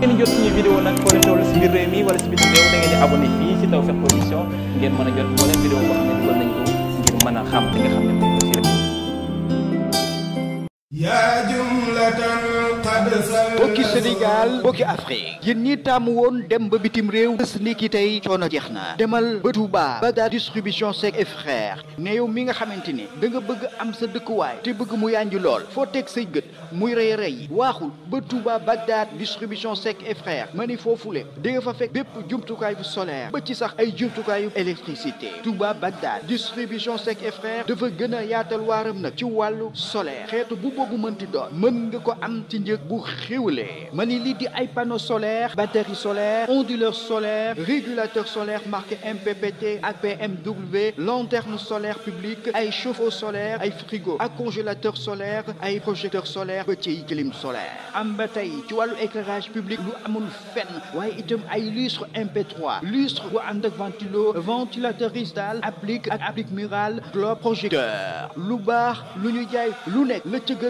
ngeen jot suñu vidéo nag foo leen toll si biir réew mi wala si biir réew da ngeen di abonné fii si ngeen mën a jot moo leen vidéo boo xam ne dugal nañ ko ngir mën a xam yaa jumlatan qad sal mbokki ñi tàmm woon dem ba bitim réew bés ni ki tey coono jeex na demal ba Touba Bagdad distribution Seck et frère ne yow mi nga xamante ni da bëgg am sa dëkkuwaay te bëgg mu yànji lool foo teg say muy rey rey yi waaxul ba Touba Bagdad distribution Seck et ma ni foofule di nga fa fekk bépp jumtukaay bu ba ci sax ay jumtukaayu électricité Touba Bagdad distribution dafa gën a yaatal waaram nag ci wàllu solaire xeetu bu mënti ko am ci njëg bu xiwlee ma ni lii di ay panneau solaire batterie solaire onduleur solaire régulateur solaire marqué MPPT m PMW lanterne solaire publique ay chauffe-eau solaire ay frigo a congélateur solaire ay projecteur solaire petit clim solaire am ba tey ci wàllu éclairage public lu amul fenn waaye itam ay lustre MP3 lustre bu ànd ventilo ventilateur cristal applique applique murale globe projecteur lu baax lu ñu jaay lu nekk la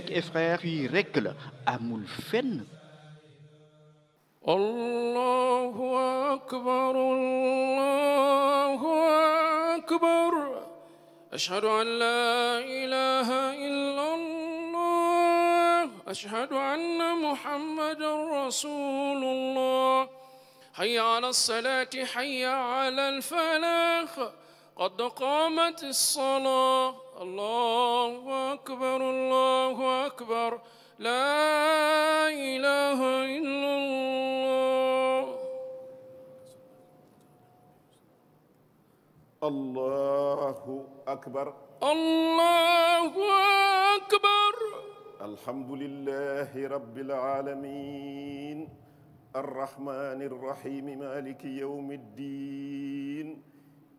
nekk ay frère fii rekk la amul fenn allahu akbar allahu akbar ashhadu an la ilaha illa allah ashhadu anna muhammadan rasulullah hayya ala salaati hayya ala alfalah qad qaamat as-salaah allahu akbar allahu akbar laa ilaaha illallah allahu akbar allahu akbar alhamdulillahi rabbil aalamiin arrahmaani rrahiim maaliki yawmi ddiin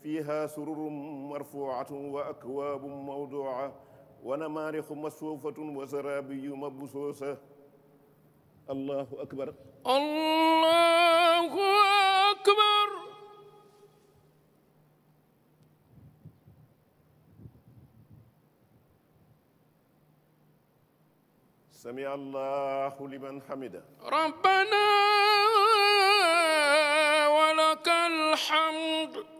fiiha sururun marfuuatun wa akwaabun mawduuca wa namaarixu masfuufatun wa saraabiyu mabsuusa allahu akbar allahu akbar sami allahu liman hamida rabbana wa lakal hamd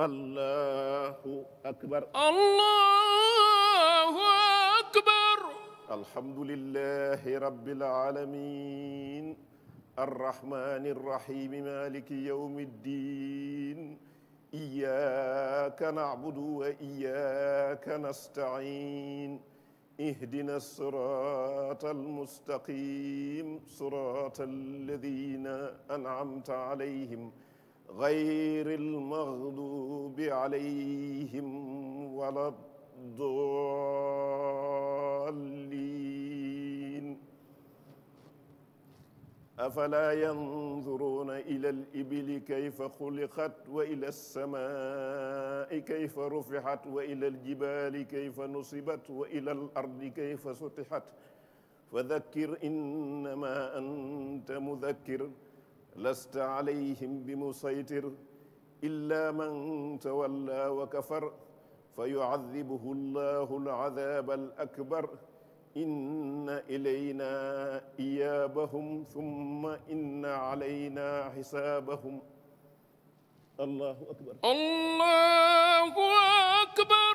allahu akbar allahu akbar alhamdulillahi rabbil alamin arrahmani rrahimi maliki yawmi ddin iyyaka na'budu wa iyyaka nasta'in اهدنا الصراط المستقيم صراط الذين أنعمت عليهم غير المغضوب عليهم ولا الضالين أفلا ينظرون إلى الإبل كيف خلقت وإلى السماء كيف رفعت وإلى الجبال كيف نصبت وإلى الأرض كيف سطحت فذكر إنما أنت مذكر lasta alayhim bi musaytir illa man tawalla wa kafar fa yucadibuhu allahu alcadaab alakbar inna ilayna iyaabahum summa inna alayna xisaabahum allahu akbar allahu akbar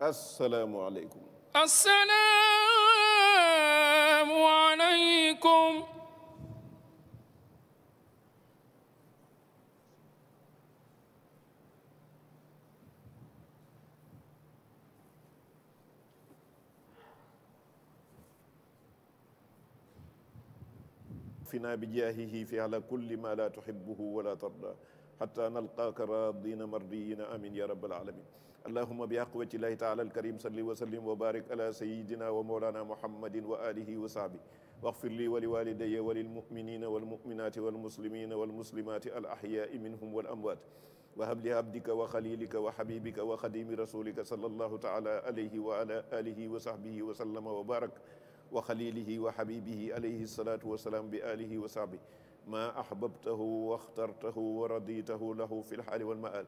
asalaamualeykum. asalaamualeykum. finaa bi jaahihi fi ala kulli ma la tuhibbuhu wala tarda hatta nalqaaka raadina mardiyina amin ya rabbal alamin allahuma bi aqwati llahi taala alkarim salli wa sallim wa barik ala sayidina wa mawlana muhammadin wa alihi wa sahbi waxfir li wa liwalidaya wa lilmuminina walmuminati walmuslimina walmuslimati alahyai minhum walamwat wa habli abdika wa xalilika wa xabibika wa xadimi rasulika sallallahu taala alayhi wa ala alihi wa sahbihi wa sallama wa barak wa xalilihi wa xabibihi alayhi salatu wasalaam bi alihi wa sahbi ma ahbabtahu wa axtartahu wa raditahu lahu fi lxaali walmaal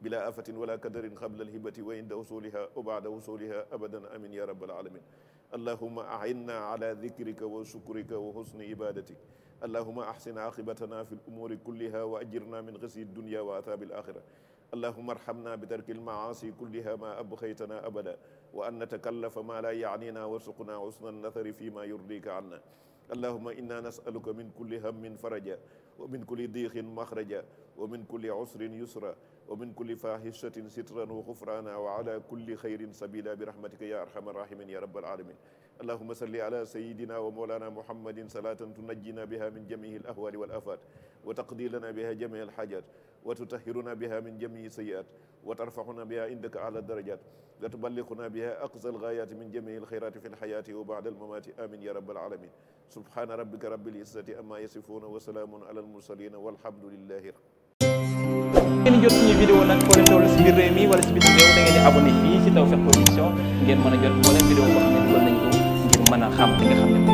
bila afatin wala kadarin qabla alhibati wa inda wusuliha wa baada wusuliha abadan amin ya rabbal alamin allahuma ainna ala dikrika wa shukrika wa husni ibadatik allahuma ahsin aqibatana fi lumuri kulliha wa ajirna min xisi dunya wa athabi alaxira allahuma arhamna bi tarki almaasi kulliha ma abxaytana abada wa an natakallafa ma la yaanina warsuqna husna nathari fi ma yurdika anna allahuma inna nasaluka min kulli hammin faraja wa min kulli diixin maxraja wa min kulli usrin yusra wa min kulli fahishatin sitran wa xufrana wa ala kulli xayrin sabila bi rahmatika ya arhamar rahimin ya rabbal alamin allahuma salli ala sayidina wa moolana muhammadin salatan tunajjina biha min jamihi al ahwali wal afat wa taqdi lana biha jamihi al hajat wa tutahhiruna biha min jamihi sayiat wa tarfahuna biha indaka ala darajat wa tuballighuna biha aqsa al ghayat min jamihi al khayrati fi al hayati wa ba'da al mamati amin ya rabbal alamin subhana rabbika rabbil izzati amma yasifuna wa salamun ala al mursalin walhamdulillahi ngeen jot si biir réew mi wala si bitim réew da ngeen di abonné fii si Tawfekh Production ngeen mën a jot moo leen vidéo boo xam ne dugal nañ ko ngir mën a xam li nga xam ne